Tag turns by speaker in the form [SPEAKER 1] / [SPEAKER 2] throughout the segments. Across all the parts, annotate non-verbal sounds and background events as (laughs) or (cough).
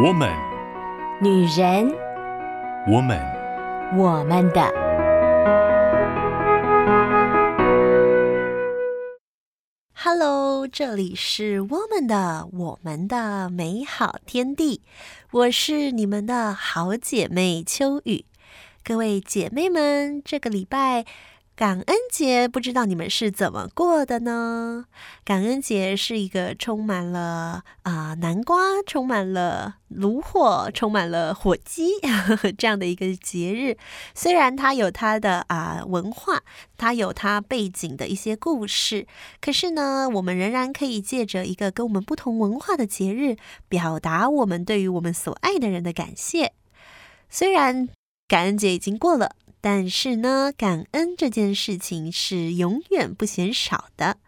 [SPEAKER 1] Woman，女人，Woman，窩們的。Hello，這裡是我們的我們的美好天地，我是你們的好姐妹秋雨，各位姐妹們，這個禮拜。感恩節不知道你們是怎麼過的呢？感恩節是一個充滿了啊、呃、南瓜，充滿了爐火，充滿了火雞，呵呵，這樣的一個節日。雖然它有它的啊、呃、文化，它有它背景的一些故事，可是呢，我們仍然可以借着一個跟我們不同文化的節日，表達我們對於我們所愛的人的感謝。雖然感恩節已經過了。但是呢，感恩這件事情是永遠不嫌少的。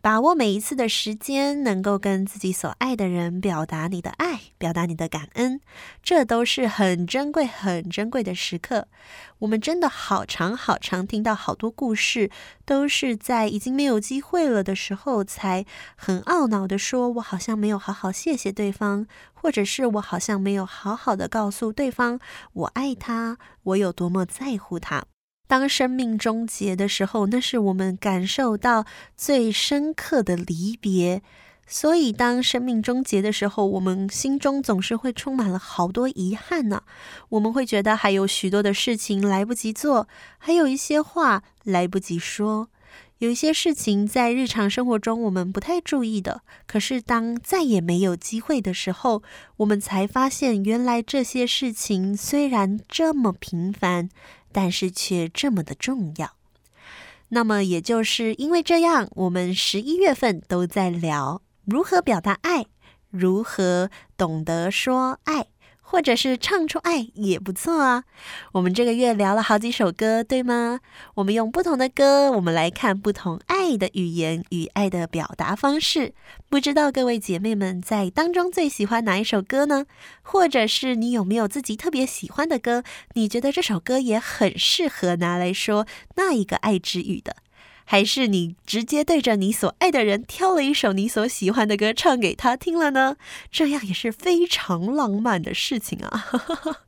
[SPEAKER 1] 把握每一次的時間，能夠跟自己所愛的人表達你的愛，表達你的感恩，這都是很珍貴、很珍貴的時刻。我們真的好長好長，聽到好多故事，都是在已經沒有機會了的時候，才很懊惱地說：“我好像沒有好好謝謝對方，或者是我好像沒有好好的告訴對方我愛他，我有多麼在乎他。”當生命終結的時候，那是我們感受到最深刻的離別。所以，當生命終結的時候，我們心中總是會充滿了好多遺憾呢、啊。我們會覺得還有許多的事情來不及做，還有一些話來不及說，有一些事情在日常生活中我們不太注意的。可是，當再也沒有機會的時候，我們才發現，原來這些事情雖然這麼平凡。但是卻這麼的重要，那麼也就是因為這樣，我們十一月份都在聊如何表達愛，如何懂得說愛。或者是唱出愛也不錯啊。我們這個月聊了好幾首歌，對嗎？我們用不同的歌，我們來看不同愛的語言與愛的表達方式。不知道各位姐妹們在當中最喜歡哪一首歌呢？或者是你有沒有自己特別喜歡的歌？你覺得這首歌也很適合拿來說那一個愛之語的？還是你直接對着你所愛的人挑了一首你所喜歡的歌唱給他聽了呢？這樣也是非常浪漫的事情啊！ (laughs)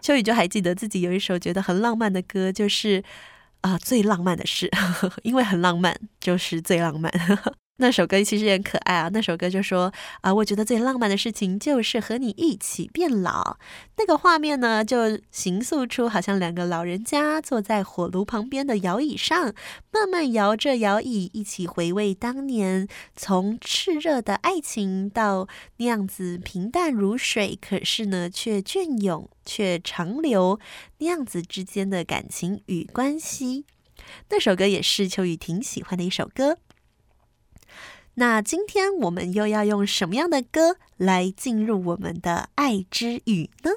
[SPEAKER 1] 秋雨就還記得自己有一首覺得很浪漫的歌，就是啊、呃，最浪漫的事， (laughs) 因為很浪漫，就是最浪漫。 (laughs) 那首歌其實也很可愛啊！那首歌就說啊，我覺得最浪漫的事情就是和你一起變老。那個畫面呢，就形塑出好像兩個老人家坐在火爐旁邊的搖椅上，慢慢搖着搖椅，一起回味當年從熾熱的愛情到那樣子平淡如水，可是呢卻雋永卻長流那樣子之間的感情與關係。那首歌也是邱雨婷喜歡的一首歌。那今天我們又要用什麼樣的歌來進入我們的愛之語呢？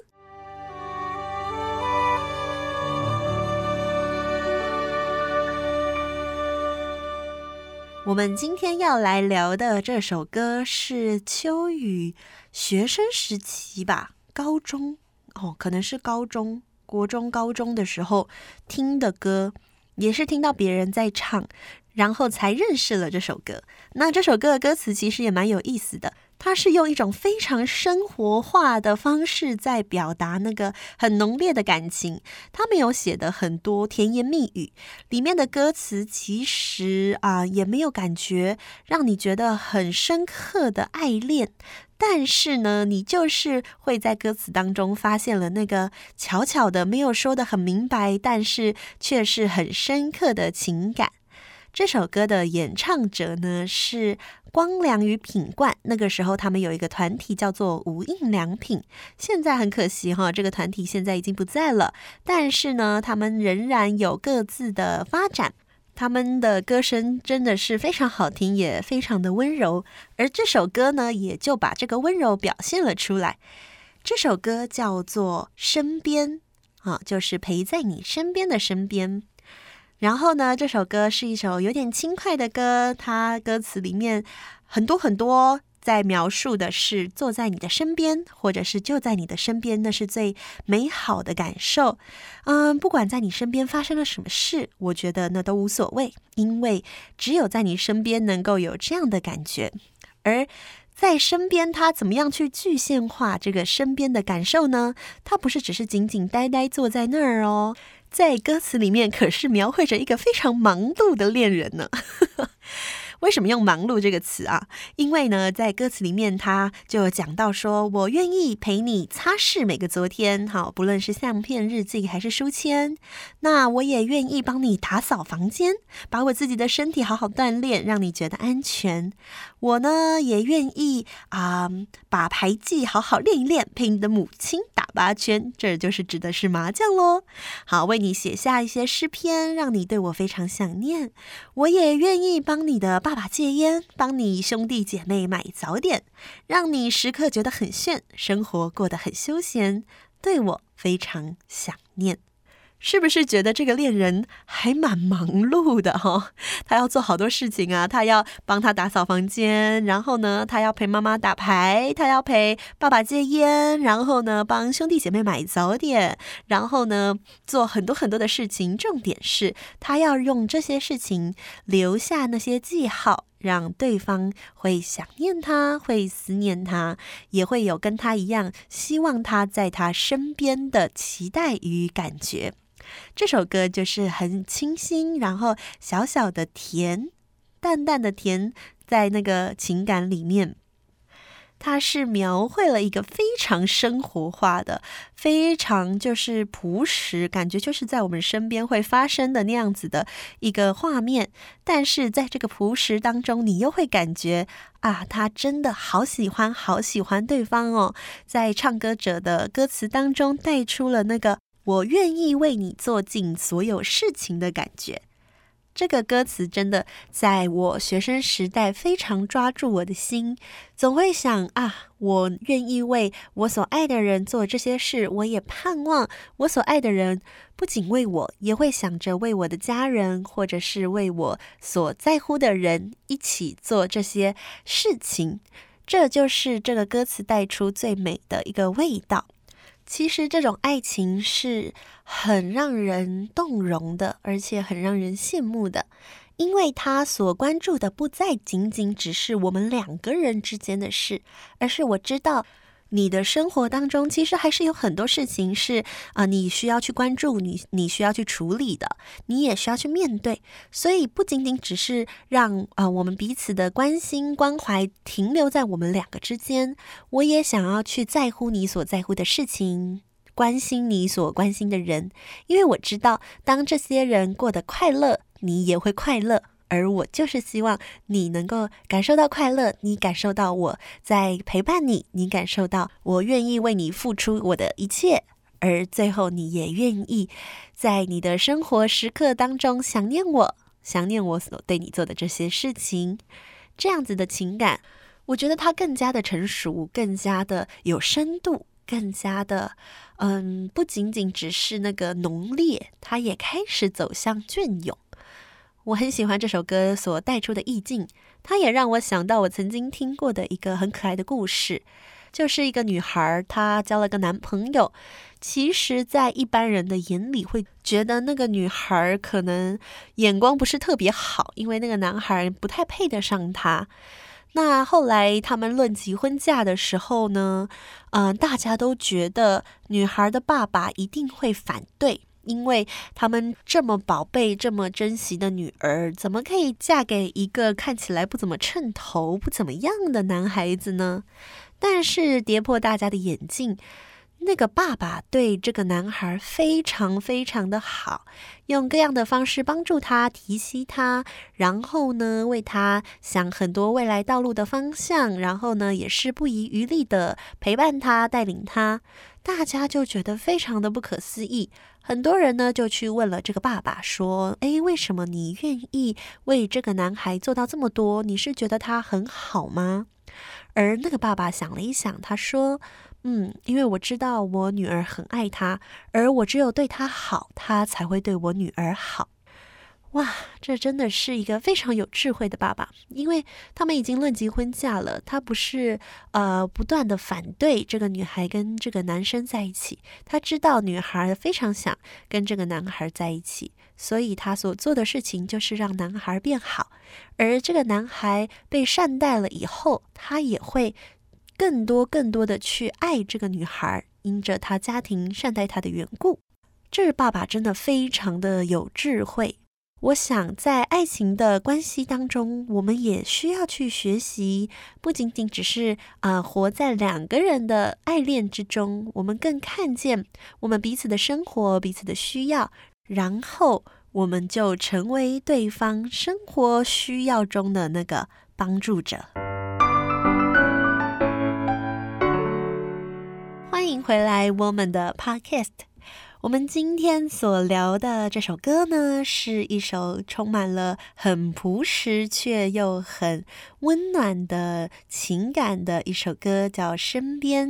[SPEAKER 1] 我們今天要來聊的這首歌是秋雨，學生時期吧，高中哦，可能是高中、國中、高中的時候聽的歌，也是聽到別人在唱。然後才認識了這首歌。那這首歌的歌詞其實也蠻有意思的，它是用一種非常生活化的方式在表達那個很濃烈的感情。它沒有寫的很多甜言蜜語，裡面的歌詞其實啊也沒有感覺讓你覺得很深刻的愛戀。但是呢，你就是會在歌詞當中發現了那個悄悄的，沒有說得很明白，但是卻是很深刻的情感。這首歌的演唱者，呢是光良與品冠，那個時候他們有一個團體叫做無印良品。現在很可惜哈，這個團體現在已經不在了，但是呢，他們仍然有各自的發展。他們的歌聲真的是非常好聽，也非常的溫柔。而這首歌呢，也就把這個溫柔表現了出來。這首歌叫做《身邊》，啊，就是陪在你身邊的身邊。然後呢，這首歌是一首有點輕快的歌，它歌詞裡面很多很多在描述的是坐在你的身邊，或者是就在你的身邊，那是最美好的感受。嗯，不管在你身邊發生了什麼事，我覺得那都無所謂，因為只有在你身邊能夠有這樣的感覺。而在身邊，他怎麼樣去具現化這個身邊的感受呢？他不是只是僅僅呆呆坐在那兒哦。在歌詞裡面可是描繪着一個非常忙碌的戀人呢。為什麼用“忙碌”這個詞啊？因為呢，在歌詞裡面，他就講到說：“我願意陪你擦拭每個昨天，好，不論是相片、日記還是書籤。那我也願意幫你打掃房間，把我自己的身體好好鍛鍊，讓你覺得安全。我呢，也願意啊，呃，把牌技好好練一練，陪你的母親打八圈，這就是指的是麻將嘍。好，為你寫下一些詩篇，讓你對我非常想念。我也願意幫你的爸。”爸爸戒菸，幫你兄弟姐妹買早點，讓你時刻覺得很炫，生活過得很休閒，對我非常想念。是不是覺得這個戀人還蠻忙碌的哈、哦？他要做好多事情啊，他要幫他打掃房間，然後呢，他要陪媽媽打牌，他要陪爸爸戒煙，然後呢，幫兄弟姐妹買早點，然後呢，做很多很多的事情。重點是他要用這些事情留下那些記號。讓對方會想念他，會思念他，也會有跟他一樣希望他在他身邊的期待與感覺。這首歌就是很清新，然後小小的甜，淡淡的甜，在那個情感裡面。它是描繪了一個非常生活化的、非常就是樸實，感覺就是在我們身邊會發生的那樣子的一個畫面。但是在這個樸實當中，你又會感覺啊，他真的好喜歡、好喜歡對方哦。在唱歌者的歌詞當中帶出了那個“我願意為你做盡所有事情”的感覺。這個歌詞真的在我學生時代非常抓住我的心，總會想啊，我願意為我所愛的人做這些事。我也盼望我所愛的人不僅為我，也會想着為我的家人，或者是為我所在乎的人一起做這些事情。這就是這個歌詞帶出最美的一個味道。其實這種愛情是很讓人動容的，而且很讓人羨慕的，因為他所關注的不再僅僅只是我們兩個人之間的事，而是我知道。你的生活當中，其實還是有很多事情是啊、呃，你需要去關注，你你需要去處理的，你也需要去面對。所以，不僅僅只是讓啊、呃，我們彼此的關心關懷停留在我們兩個之間，我也想要去在乎你所在乎的事情，關心你所關心的人，因為我知道，當這些人過得快樂，你也會快樂。而我就是希望你能夠感受到快樂，你感受到我在陪伴你，你感受到我願意為你付出我的一切，而最後你也願意在你的生活時刻當中想念我，想念我所對你做的這些事情。這樣子的情感，我覺得它更加的成熟，更加的有深度，更加的，嗯，不僅僅只是那個濃烈，它也開始走向雋永。我很喜歡這首歌所帶出的意境，它也讓我想到我曾經聽過的一個很可愛的故事，就是一個女孩她交了個男朋友，其實，在一般人的眼裡會覺得那個女孩可能眼光不是特別好，因為那個男孩不太配得上她。那後來他們論及婚嫁的時候呢，嗯、呃，大家都覺得女孩的爸爸一定會反對。因為他們這麼寶貝、這麼珍惜的女兒，怎麼可以嫁給一個看起來不怎麼稱頭、不怎麼樣的男孩子呢？但是跌破大家的眼鏡，那個爸爸對這個男孩非常非常的好，用各樣的方式幫助他、提攜他，然後呢，為他想很多未來道路的方向，然後呢，也是不遺餘力的陪伴他、帶領他。大家就覺得非常的不可思議，很多人呢就去問了這個爸爸說：“哎，為什麼你願意為這個男孩做到這麼多？你是覺得他很好嗎？”而那個爸爸想了一想，他說：“嗯，因為我知道我女兒很愛他，而我只有對他好，他才會對我女兒好。”哇，這真的是一個非常有智慧的爸爸，因為他們已經論及婚嫁了。他不是呃不斷的反對這個女孩跟這個男生在一起，他知道女孩非常想跟這個男孩在一起，所以他所做的事情就是讓男孩變好。而這個男孩被善待了以後，他也會更多更多的去愛這個女孩，因着他家庭善待他的緣故。這爸爸真的非常的有智慧。我想，在愛情的關係當中，我們也需要去學習，不僅僅只是啊、呃，活在兩個人的愛戀之中，我們更看見我們彼此的生活、彼此的需要，然後我們就成為對方生活需要中的那個幫助者。歡迎回來，我們的 Podcast。我們今天所聊的這首歌呢，是一首充滿了很樸實卻又很溫暖的情感的一首歌，叫《身邊》。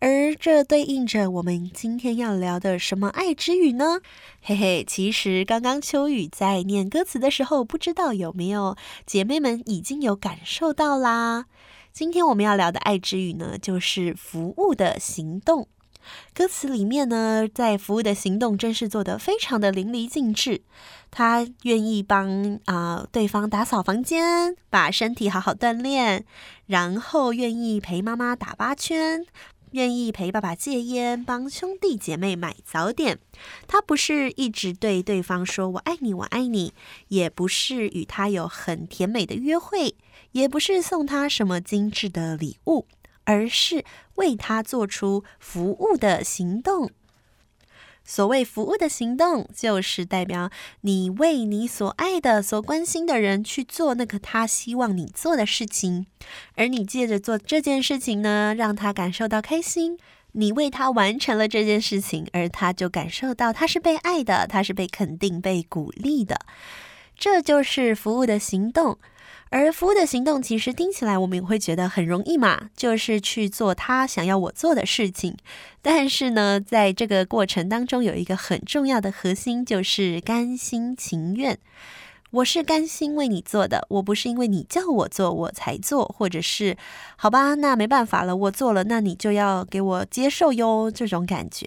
[SPEAKER 1] 而這對應着我們今天要聊的什麼愛之語呢？嘿嘿，其實剛剛秋雨在念歌詞的時候，不知道有沒有姐妹們已經有感受到啦。今天我們要聊的愛之語呢，就是服務的行動。歌詞裡面呢，在服務的行動真是做得非常的淋漓盡致。他願意幫啊、呃、對方打掃房間，把身體好好鍛鍊，然後願意陪媽媽打八圈，願意陪爸爸戒菸，幫兄弟姐妹買早點。他不是一直對對方說我愛你，我愛你，也不是與他有很甜美的約會，也不是送他什麼精致的禮物。而是為他做出服務的行動。所謂服務的行動，就是代表你為你所愛的、所關心的人去做那個他希望你做的事情，而你借着做這件事情呢，讓他感受到開心。你為他完成了這件事情，而他就感受到他是被愛的，他是被肯定、被鼓勵的。這就是服務的行動。而服務的行動其實聽起來，我們也會覺得很容易嘛，就是去做他想要我做的事情。但是呢，在這個過程當中，有一個很重要的核心，就是甘心情願。我是甘心為你做的，我不是因為你叫我做我才做，或者是好吧，那沒辦法了，我做了，那你就要給我接受喲，這種感覺。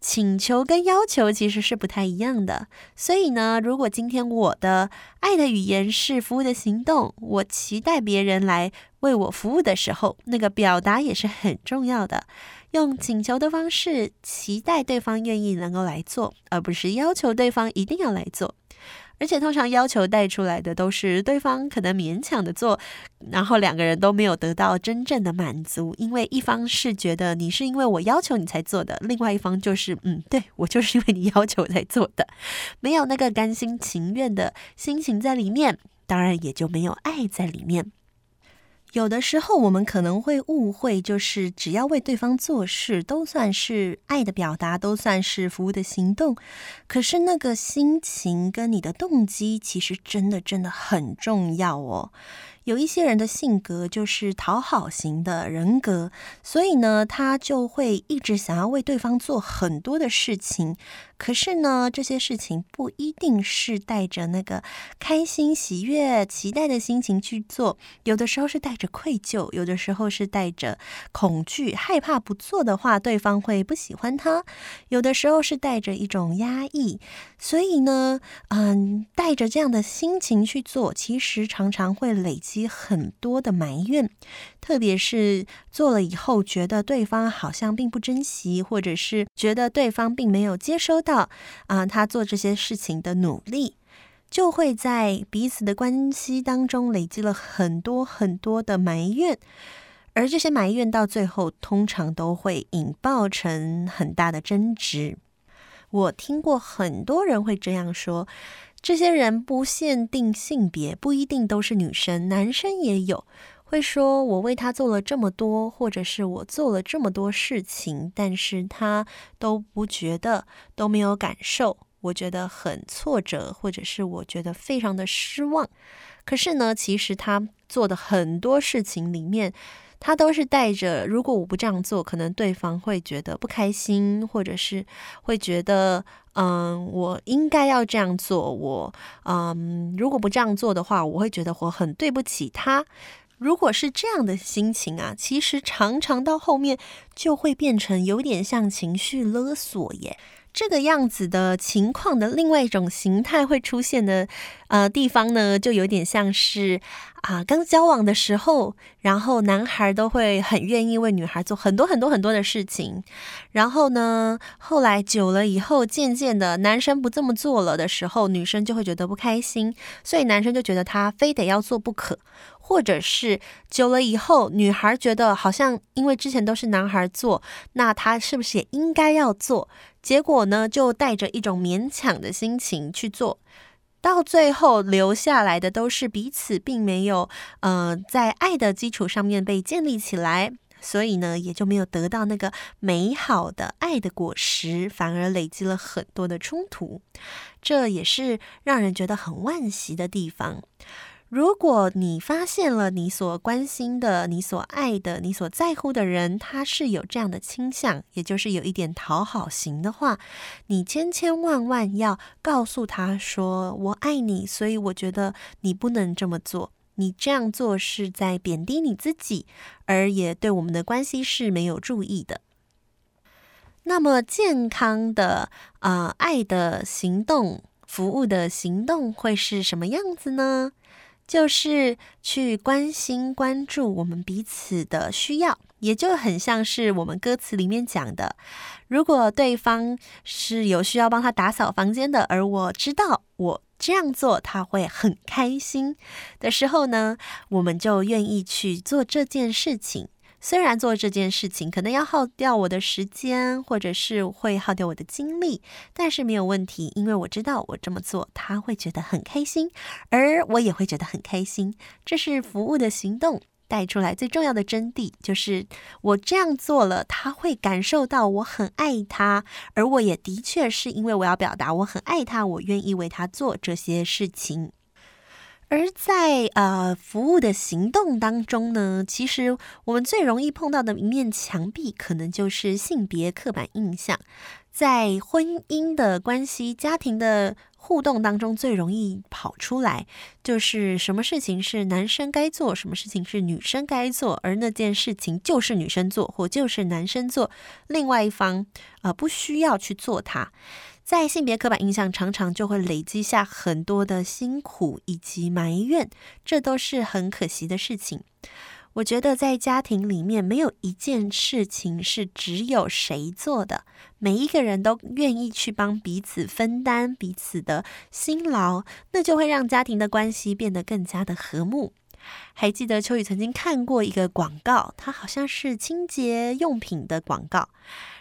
[SPEAKER 1] 請求跟要求其實是不太一樣的，所以呢，如果今天我的愛的語言是服務的行動，我期待別人來為我服務的時候，那個表達也是很重要的，用請求的方式期待對方願意能夠來做，而不是要求對方一定要來做。而且通常要求帶出來的都是對方可能勉強的做，然後兩個人都沒有得到真正的滿足，因為一方是覺得你是因為我要求你才做的，另外一方就是嗯，對，我就是因為你要求才做的，沒有那個甘心情願的心情在裡面，當然也就沒有愛在裡面。有的時候，我們可能會誤會，就是只要為對方做事，都算是愛的表達，都算是服務的行動。可是，那個心情跟你的動機，其實真的真的很重要哦。有一些人的性格就是討好型的人格，所以呢，他就會一直想要為對方做很多的事情。可是呢，這些事情不一定是帶着那個開心、喜悅、期待的心情去做，有的時候是帶着愧疚，有的時候是帶着恐懼，害怕不做的話對方會不喜歡他；有的時候是帶着一種壓抑，所以呢，嗯，帶着這樣的心情去做，其實常常會累積。及很多的埋怨，特別是做了以後，覺得對方好像並不珍惜，或者是覺得對方並沒有接收到啊、呃，他做這些事情的努力，就會在彼此的關係當中累積了很多很多的埋怨，而這些埋怨到最後，通常都會引爆成很大的爭執。我聽過很多人會這樣說。這些人不限定性別，不一定都是女生，男生也有。會說我為他做了這麼多，或者是我做了這麼多事情，但是他都不覺得，都沒有感受。我覺得很挫折，或者是我覺得非常的失望。可是呢，其實他做的很多事情裡面。他都是帶着，如果我不這樣做，可能對方會覺得不開心，或者是會覺得，嗯，我應該要這樣做。我，嗯，如果不這樣做的話，我會覺得我很對不起他。如果是這樣的心情啊，其實常常到後面就會變成有點像情緒勒索耶。這個樣子的情況的另外一種形態會出現的，呃，地方呢，就有點像是啊、呃，剛交往的時候，然後男孩都會很願意為女孩做很多很多很多的事情，然後呢，後來久了以後，漸漸的男生不這麼做了的時候，女生就會覺得不開心，所以男生就覺得他非得要做不可。或者是久了以後，女孩覺得好像因為之前都是男孩做，那她是不是也應該要做？結果呢，就帶着一種勉強的心情去做，到最後留下來的都是彼此並沒有，嗯、呃，在愛的基礎上面被建立起來，所以呢，也就沒有得到那個美好的愛的果實，反而累積了很多的衝突，這也是讓人覺得很惋惜的地方。如果你發現了你所關心的、你所愛的、你所在乎的人，他是有這樣的傾向，也就是有一點討好型的話，你千千萬萬要告訴他說：“我愛你，所以我覺得你不能這麼做，你這樣做是在貶低你自己，而也對我們的關係是沒有助益的。”那麼健康的啊、呃，愛的行動、服務的行動會是什麼樣子呢？就是去關心、關注我們彼此的需要，也就很像是我們歌詞裡面講的，如果對方是有需要幫他打掃房間的，而我知道我這樣做他會很開心的時候呢，我們就願意去做這件事情。雖然做這件事情可能要耗掉我的時間，或者是會耗掉我的精力，但是沒有問題，因為我知道我這麼做，他會覺得很開心，而我也會覺得很開心。這是服務的行動帶出來最重要的真諦，就是我這樣做了，他會感受到我很愛他，而我也的確是因為我要表達我很愛他，我願意為他做這些事情。而在呃服務的行動當中呢，其實我們最容易碰到的一面牆壁，可能就是性別刻板印象，在婚姻的關係、家庭的互動當中最容易跑出來，就是什麼事情是男生該做，什麼事情是女生該做，而那件事情就是女生做，或就是男生做，另外一方啊，呃，不需要去做它。在性別刻板印象，常常就會累積下很多的辛苦以及埋怨，這都是很可惜的事情。我覺得在家庭裡面，沒有一件事情是只有誰做的，每一個人都願意去幫彼此分擔彼此的辛勞，那就會讓家庭的關係變得更加的和睦。還記得秋雨曾經看過一個廣告，它好像是清潔用品的廣告。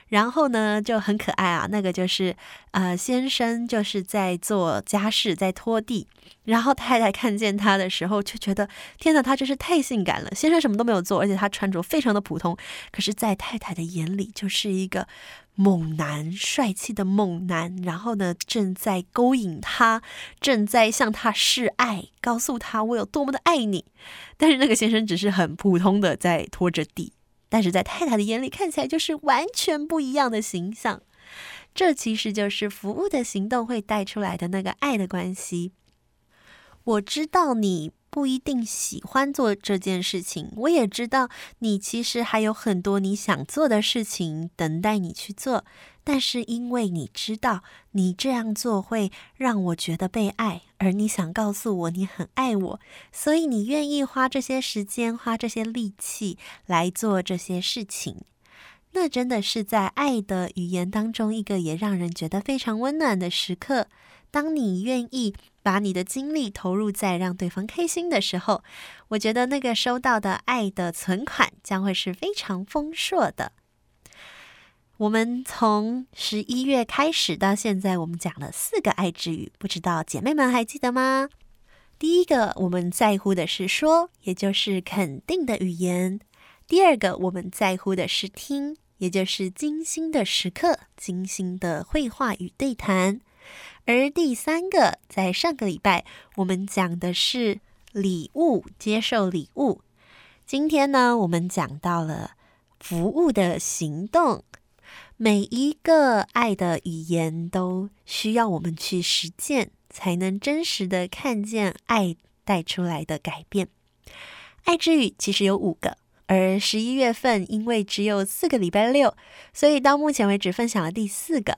[SPEAKER 1] 然後呢，就很可愛啊。那個就是，呃，先生就是在做家事，在拖地。然後太太看見他的時候，就覺得天哪，他真是太性感了。先生什麼都沒有做，而且他穿着非常的普通，可是，在太太的眼裡，就是一個猛男，帥氣的猛男。然後呢，正在勾引他，正在向他示愛，告訴他我有多麼的愛你。但是那個先生只是很普通的在拖着地。但是在太太的眼裡，看起來就是完全不一樣的形象。這其實就是服務的行動會帶出來的那個愛的關係。我知道你不一定喜歡做這件事情，我也知道你其實還有很多你想做的事情等待你去做。那是因為你知道，你這樣做會讓我覺得被愛，而你想告訴我你很愛我，所以你願意花這些時間、花這些力氣來做這些事情。那真的是在愛的語言當中一個也讓人覺得非常溫暖的時刻。當你願意把你的精力投入在讓對方開心的時候，我覺得那個收到的愛的存款將會是非常豐碩的。我們從十一月開始到現在，我們講了四個愛之語，不知道姐妹們還記得嗎？第一個我們在乎的是說，也就是肯定的語言；第二個我們在乎的是聽，也就是精心的時刻、精心的會話與對談；而第三個在上個禮拜我們講的是禮物，接受禮物。今天呢，我們講到了服務的行動。每一個愛的語言都需要我們去實踐，才能真實的看見愛帶出來的改變。愛之語其實有五個，而十一月份因為只有四個禮拜六，所以到目前為止分享了第四個。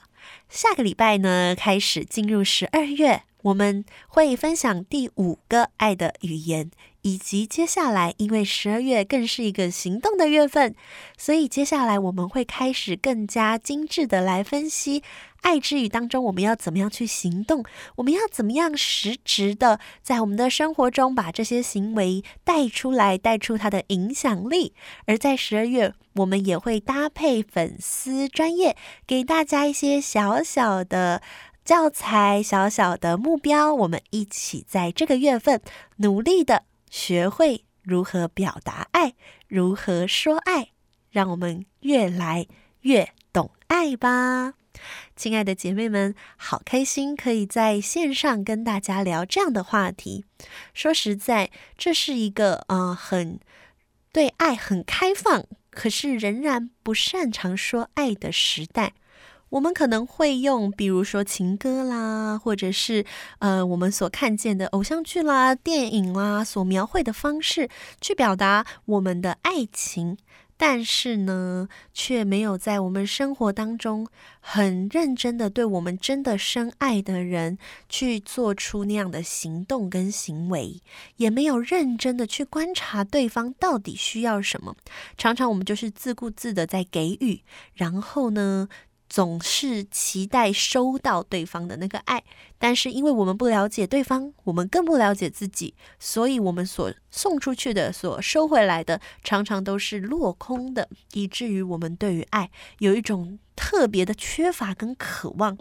[SPEAKER 1] 下個禮拜呢，開始進入十二月，我們會分享第五個愛的語言。以及接下來，因為十二月更是一個行動的月份，所以接下來我們會開始更加精緻的來分析《愛之語》當中我們要怎麼樣去行動，我們要怎麼樣實質的在我們的生活中把這些行為帶出來，帶出它的影響力。而在十二月，我們也會搭配粉絲專業，給大家一些小小的教材、小小的目標，我們一起在這個月份努力的。學會如何表達愛，如何說愛，讓我們越來越懂愛吧，親愛的姐妹們，好開心可以在線上跟大家聊這樣的話題。說實在，這是一個啊、呃，很對愛很開放，可是仍然不擅長說愛的時代。我們可能會用，比如說情歌啦，或者是呃，我們所看見的偶像劇啦、電影啦，所描繪的方式去表達我們的愛情，但是呢，卻沒有在我們生活當中很認真的對我們真的深愛的人去做出那樣的行動跟行為，也沒有認真的去觀察對方到底需要什麼，常常我們就是自顧自的在給予，然後呢，總是期待收到對方的那個愛，但是因為我們不了解對方，我們更不了解自己，所以我們所送出去的、所收回來的，常常都是落空的，以至於我們對於愛有一種特別的缺乏跟渴望。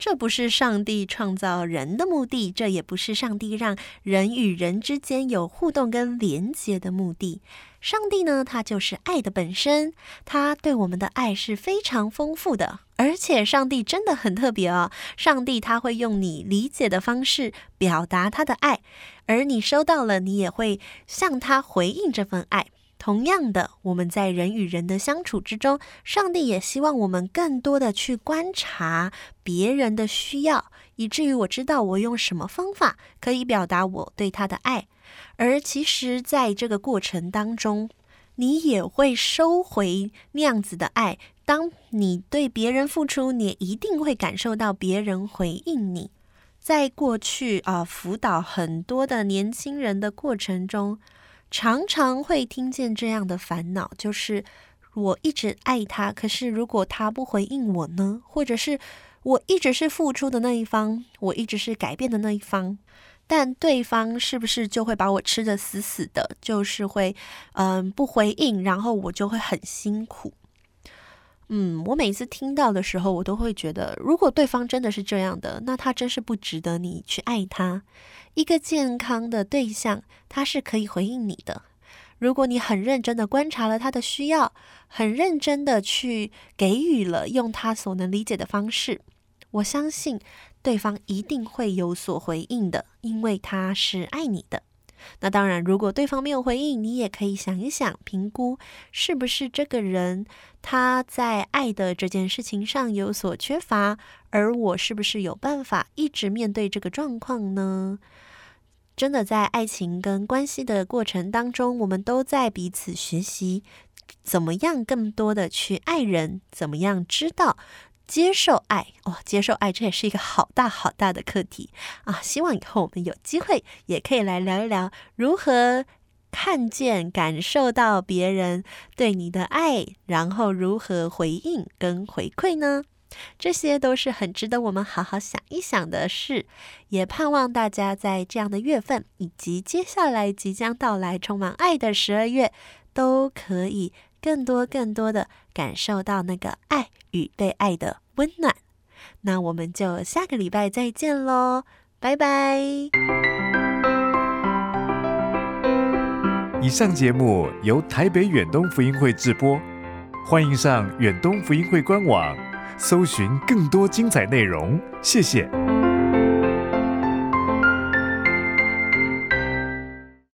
[SPEAKER 1] 這不是上帝創造人的目的，這也不是上帝讓人與人之間有互動跟連接的目的。上帝呢，他就是愛的本身，他對我們的愛是非常豐富的。而且上帝真的很特別哦，上帝他會用你理解的方式表達他的愛，而你收到了，你也會向他回應這份愛。同樣的，我們在人與人的相處之中，上帝也希望我們更多的去觀察別人的需要，以至於我知道我用什麼方法可以表達我對他的愛。而其實，在這個過程當中，你也會收回那樣子的愛。當你對別人付出，你一定會感受到別人回應你。在過去啊、呃，輔導很多的年輕人的過程中，常常會聽見這樣的煩惱，就是我一直愛他，可是如果他不回應我呢？或者是我一直是付出的那一方，我一直是改變的那一方，但對方是不是就會把我吃得死死的，就是會，嗯、呃，不回應，然後我就會很辛苦。嗯，我每次聽到的時候，我都會覺得，如果對方真的是這樣的，那他真是不值得你去愛他。一個健康的對象，他是可以回應你的。如果你很認真的觀察了他的需要，很認真的去給予了，用他所能理解的方式，我相信對方一定會有所回應的，因為他是愛你的。那當然，如果對方沒有回應，你也可以想一想，評估是不是這個人他在愛的這件事情上有所缺乏，而我是不是有辦法一直面對這個狀況呢？真的，在愛情跟關係的過程當中，我們都在彼此學習，怎麼樣更多的去愛人，怎麼樣知道。接受愛，哇、哦，接受愛，這也是一個好大好大的課題啊！希望以後我們有機會也可以來聊一聊，如何看見、感受到別人對你的愛，然後如何回應跟回饋呢？這些都是很值得我們好好想一想的事。也盼望大家在這樣的月份，以及接下來即將到來充滿愛的十二月，都可以。更多更多的感受到那個愛與被愛的溫暖，那我們就下個禮拜再見嘍，拜拜。以上節目由台北遠東福音會制播，歡迎上遠東福音會官網，搜尋更多精彩內容，謝謝。